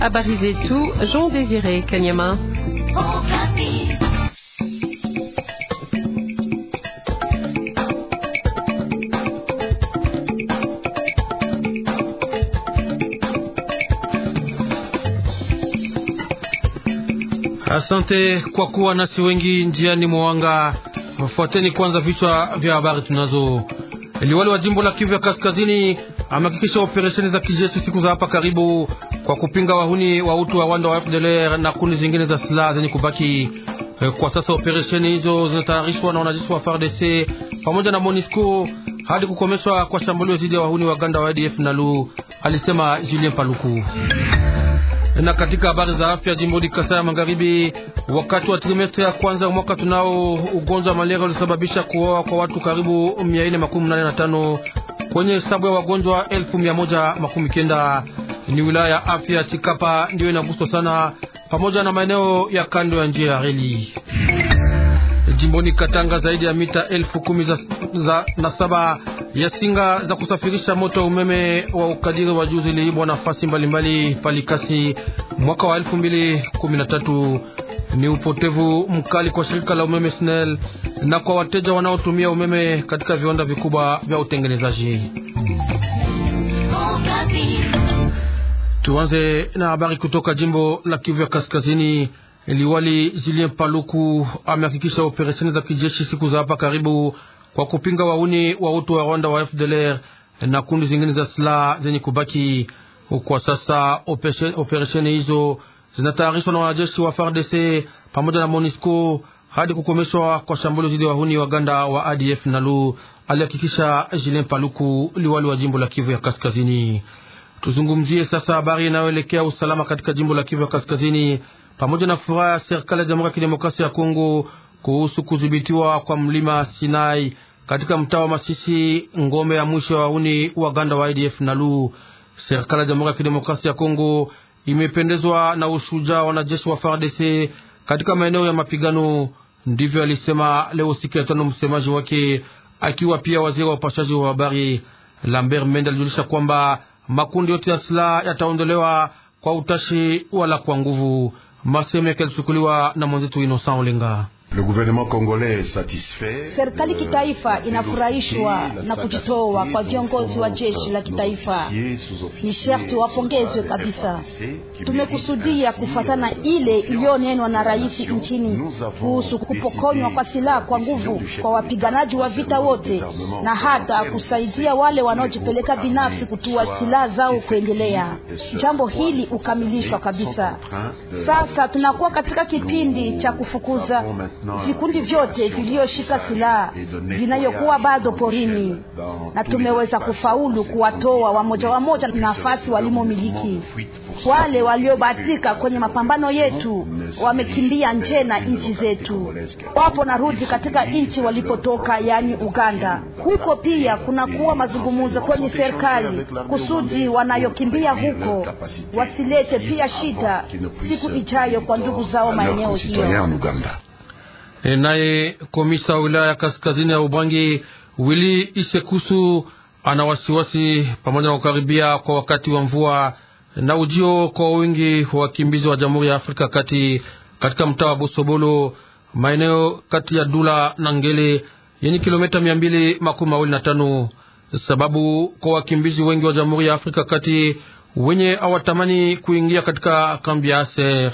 Habari zetu Jean Désiré Kanyama. Asante kwa kuwa nasi wengi njiani mwanga. Fuateni kwanza vichwa vya habari tunazo. Liwali wa jimbo la Kivu ya Kaskazini amehakikisha operesheni za kijeshi siku za hapa karibu kwa kupinga wahuni wa utu wa Rwanda wa FDLR na kundi zingine za silaha zenye kubaki. Eh, kwa sasa operesheni hizo zinatayarishwa na wanajeshi wa FARDC pamoja na MONUSCO hadi kukomeshwa kwa shambulio dhidi ya wahuni waganda wa ADF Nalu, alisema Julien Paluku. Na katika habari za afya jimboni Kasai ya Magharibi, wakati wa trimestre ya kwanza mwaka tunao, ugonjwa wa malaria ulisababisha kuoa kwa watu karibu 485 kwenye hesabu ya wagonjwa elfu mia moja makumi kenda. Ni wilaya ya afya Chikapa ndiyo inaguswa sana, pamoja na maeneo ya kando ya njia ya reli jimboni Katanga. Zaidi ya mita elfu kumi za, za, na saba ya singa za kusafirisha moto wa umeme wa ukadiri wa juzi iliibwa nafasi mbalimbali palikasi mwaka wa 2013. Ni upotevu mkali kwa shirika la umeme SNEL na kwa wateja wanaotumia umeme katika viwanda vikubwa vya utengenezaji. Tuanze na habari kutoka jimbo la Kivu ya Kaskazini. Liwali Julien Paluku amehakikisha operesheni za kijeshi siku za hapa karibu kwa kupinga wauni wa utu wa Rwanda wa FDLR na kundi zingine za silaha zenye kubaki. Kwa sasa operesheni hizo zinatayarishwa na wanajeshi wa FARDC pamoja na MONUSCO hadi kukomeshwa kwa shambulio dhidi ya wahuni Waganda wa ADF NALU, alihakikisha Julien Paluku, liwali wa jimbo la Kivu ya Kaskazini. Tuzungumzie sasa habari inayoelekea usalama katika jimbo la Kivu ya Kaskazini, pamoja na furaha ya serikali ya Jamhuri ya Kidemokrasia ya Kongo kuhusu kudhibitiwa kwa mlima Sinai katika mtaa wa Masisi, ngome ya mwisho ya wauni ganda wa idf Nalu. Serikali ya Jamhuri ya Kidemokrasia ya Kongo imependezwa na ushujaa wanajeshi wa FARDC katika maeneo ya mapigano. Ndivyo alisema leo siku ya tano msemaji wake akiwa pia waziri wa upashaji wa habari. Lambert Mende alijulisha kwamba makundi yote ya silaha yataondolewa kwa utashi wala kwa nguvu. Maseme yake yalichukuliwa na mwenzetu Innocent Olenga. Serikali kitaifa inafurahishwa na kujitoa kwa viongozi wa jeshi la kitaifa, ni sharti wapongezwe kabisa. Tumekusudia kufuatana ile iliyonenwa na rais nchini kuhusu kupokonywa kwa silaha kwa nguvu kwa wapiganaji wa vita wote, na hata kusaidia wale wanaojipeleka binafsi kutua silaha zao kuendelea. Jambo hili ukamilishwa kabisa. Sasa tunakuwa katika kipindi cha kufukuza vikundi vyote viliyoshika silaha vinayokuwa bado porini, na tumeweza kufaulu kuwatoa wamoja wamoja nafasi walimomiliki. Wale waliobatika kwenye mapambano yetu wamekimbia nje na nchi zetu, wapo narudi katika nchi walipotoka, yaani Uganda. Huko pia kunakuwa mazungumzo kwenye serikali kusudi wanayokimbia huko wasilete pia shida siku ijayo kwa ndugu zao maeneo hiyo. E, Naye komisa wa wilaya kaskazini ya Ubangi Wili Isekusu ana wasiwasi pamoja na kukaribia kwa wakati wa mvua na ujio kwa wingi wa wakimbizi wa Jamhuri ya Afrika Kati katika mtaa wa Bosobolo, maeneo kati ya Dula na Ngele yenye kilomita mia mbili makumi mawili na tano sababu kwa wakimbizi wengi wa Jamhuri ya Afrika Kati wenye hawatamani kuingia katika kambi ya Aser,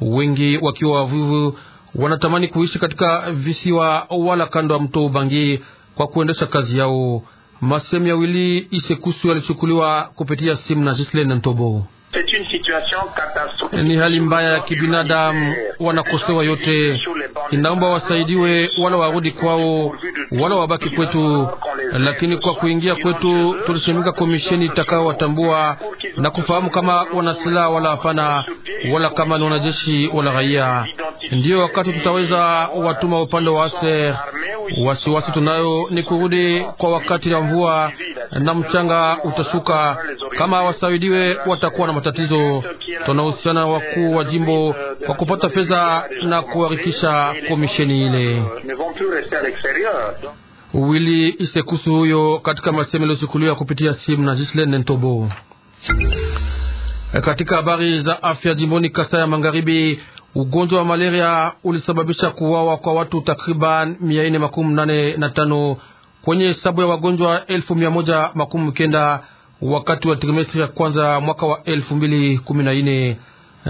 wengi wakiwa wavivu wanatamani kuishi katika visiwa wala kando ya mto Ubangi kwa kuendesha kazi yao. Masemu ya wili Isekusu yalichukuliwa kupitia simu na Gislene Ntobo. Ni hali mbaya ya kibinadamu, wanakosewa yote. Inaomba wasaidiwe, wala warudi kwao, wala wabaki kwetu. Lakini kwa kuingia kwetu tulishimika komisheni watambua na kufahamu kama wana silaha wala hapana, wala kama ni wanajeshi wala raia. Ndiyo wakati tutaweza watuma upande wa aser. Wasiwasi tunayo ni kurudi kwa wakati wa mvua na mchanga utashuka. Kama hawasaidiwe, watakuwa na matatizo. Tunahusiana wakuu wa jimbo kwa kupata fedha na kuharikisha komisheni ile. Wili Isekusu huyo katika masemo yaliyochukuliwa kupitia simu na Gislaine Ntobo. Katika habari za afya jimboni Kasai ya Magharibi, ugonjwa wa malaria ulisababisha kuwawa kwa watu takriban mia nne makumi nane na tano kwenye hesabu ya wagonjwa elfu mia moja makumi kenda wakati wa trimestri ya kwanza mwaka wa elfu mbili kumi na nne.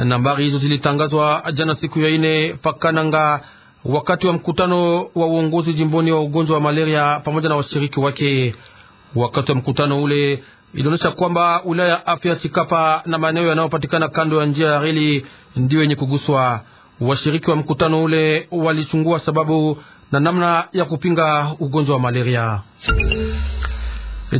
Nambari hizo zilitangazwa jana siku ya ine pakananga wakati wa mkutano wa uongozi jimboni wa ugonjwa wa malaria pamoja na washiriki wake. Wakati wa mkutano ule ilionyesha kwamba wilaya ya afya Chikapa na maeneo yanayopatikana kando ya njia ya reli ndiyo yenye kuguswa. Washiriki wa mkutano ule walichungua sababu na namna ya kupinga ugonjwa wa malaria.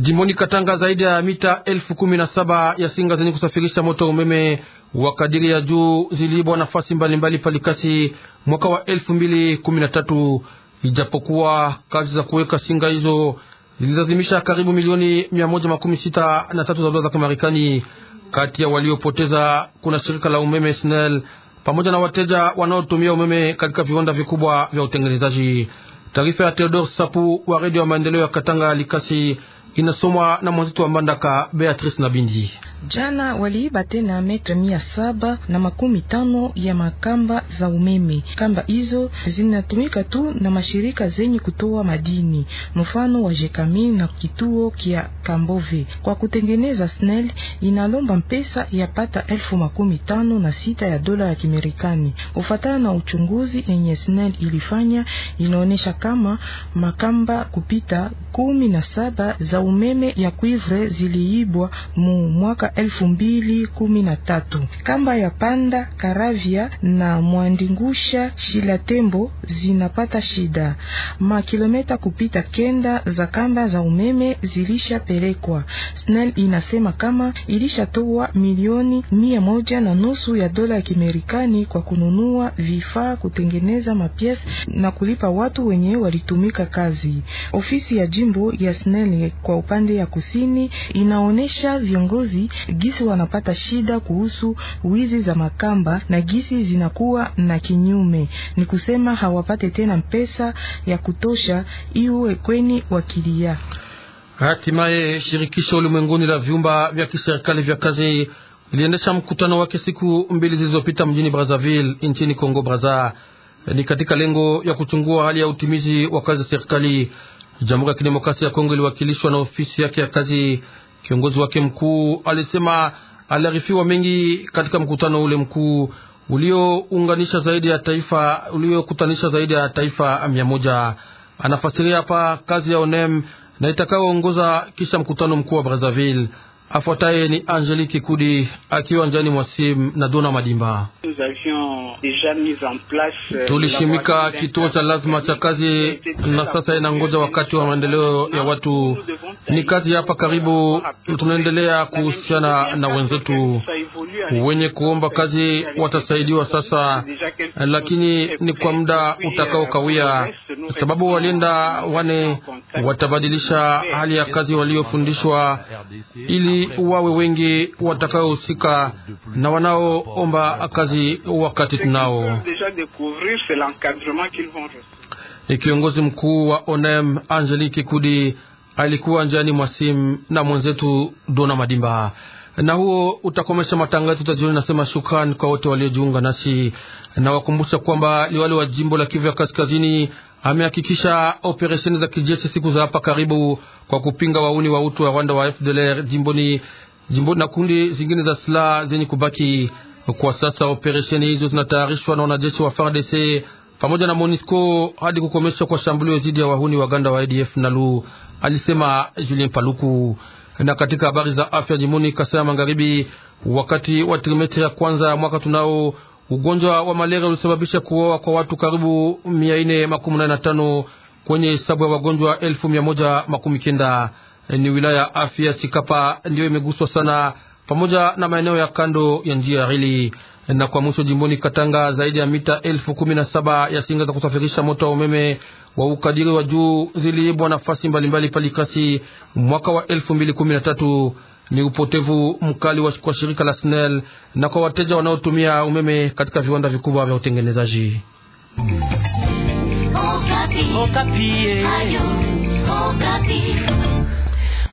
Jimboni Katanga, zaidi ya mita elfu kumi na saba ya singa zenye kusafirisha moto umeme wa kadiri ya juu ziliibwa nafasi mbalimbali palikasi mwaka wa elfu mbili kumi na tatu ijapokuwa kazi za kuweka singa hizo zililazimisha karibu milioni mia moja makumi sita na tatu za dola za Kimarekani. Kati ya waliopoteza kuna shirika la umeme SNEL pamoja na wateja wanaotumia umeme katika viwanda vikubwa vya utengenezaji. Taarifa ya Theodore Sapu wa redio ya maendeleo ya Katanga Likasi inasomwa na mwenzetu wa Mbandaka Beatrice Nabindi. Jana waliiba tena metre mia saba na makumi tano ya makamba za umeme. Kamba hizo zinatumika tu na mashirika zenye kutoa madini, mfano wa Jekami na kituo kia Kambove kwa kutengeneza SNEL. Inalomba mpesa ya pata elfu makumi tano na sita ya dola ya Kimerikani. Kufatana na uchunguzi yenye SNEL ilifanya, inaonesha kama makamba kupita kumi na saba za umeme ya kuivre ziliibwa mu mwaka elfu mbili kumi na tatu. Kamba ya Panda, Karavya na Mwandingusha Shilatembo zinapata shida. Makilometa kupita kenda za kamba za umeme zilishapelekwa. SNEL inasema kama ilishatoa milioni mia moja na nusu ya dola ya Kimerikani kwa kununua vifaa, kutengeneza mapiesi na kulipa watu wenye walitumika kazi. Ofisi ya jimbo ya SNEL kwa upande ya kusini inaonesha viongozi gisi wanapata shida kuhusu wizi za makamba na gisi zinakuwa na kinyume, ni kusema hawapate tena pesa ya kutosha iwe kweni wakilia. Hatimaye shirikisho ulimwenguni la vyumba vya kiserikali vya kazi iliendesha mkutano wake siku mbili zilizopita mjini Brazzaville nchini Kongo braza Ni katika lengo ya kuchungua hali ya utimizi wa kazi za serikali. Jamhuri ya Kidemokrasia ya Kongo iliwakilishwa na ofisi yake ya kazi Kiongozi wake mkuu alisema aliarifiwa mengi katika mkutano ule mkuu uliounganisha zaidi ya taifa uliokutanisha zaidi ya taifa mia moja. Anafasiria hapa kazi ya ONEM na itakayoongoza kisha mkutano mkuu wa Brazzaville. Afuataye ni Angelique Kudi akiwa njani mwa sim na Dona Madimba. Euh, Tulishimika kituo cha lazima cha kazi na sasa inangoja wakati wa maendeleo ya watu. Ni kazi hapa karibu, tunaendelea kuhusiana na wenzetu wenye kuomba euh, kazi, watasaidiwa sasa, lakini ni kwa muda utakaokawia, sababu walienda wane watabadilisha hali ya kazi waliofundishwa ili wawe wengi watakaohusika na wanaoomba kazi wakati tunao Kiongozi mkuu wa ONEM Angelique Kudi alikuwa njiani mwasim na mwenzetu Dona Madimba. Na huo utakomesha matangazo tajioni. Nasema shukrani kwa wote waliojiunga nasi na wakumbusha kwamba liwali wa jimbo la Kivu ya Kaskazini amehakikisha operesheni za kijeshi siku za hapa karibu kwa kupinga wauni wa utu wa Rwanda wa FDLR jimboni, jimboni na kundi zingine za silaha zenye kubaki. Kwa sasa operesheni hizo zinatayarishwa na wanajeshi wa FARDC pamoja na MONUSCO hadi kukomeshwa kwa shambulio dhidi ya wahuni waganda wa ADF Nalu, alisema Julien Paluku. Na katika habari za afya jimboni Kasai Magharibi, wakati wa trimestri ya kwanza ya mwaka tunao Ugonjwa wa malaria ulisababisha kuoa kwa watu karibu tano kwenye hesabu ya wagonjwa kenda Ni wilaya ya afya Chikapa ndiyo imeguswa sana, pamoja na maeneo ya kando ya njia ya reli. Na kwa mwisho, jimboni Katanga, zaidi ya mita elfu kumi na saba ya singa za kusafirisha moto wa umeme wa ukadiri wa juu ziliibwa nafasi mbalimbali palikasi mwaka wa elfu mbili kumi na tatu ni upotevu mkali kwa shirika la SNEL na kwa wateja wanaotumia umeme katika viwanda vikubwa vya utengenezaji. Okapi. Okapi. Eh.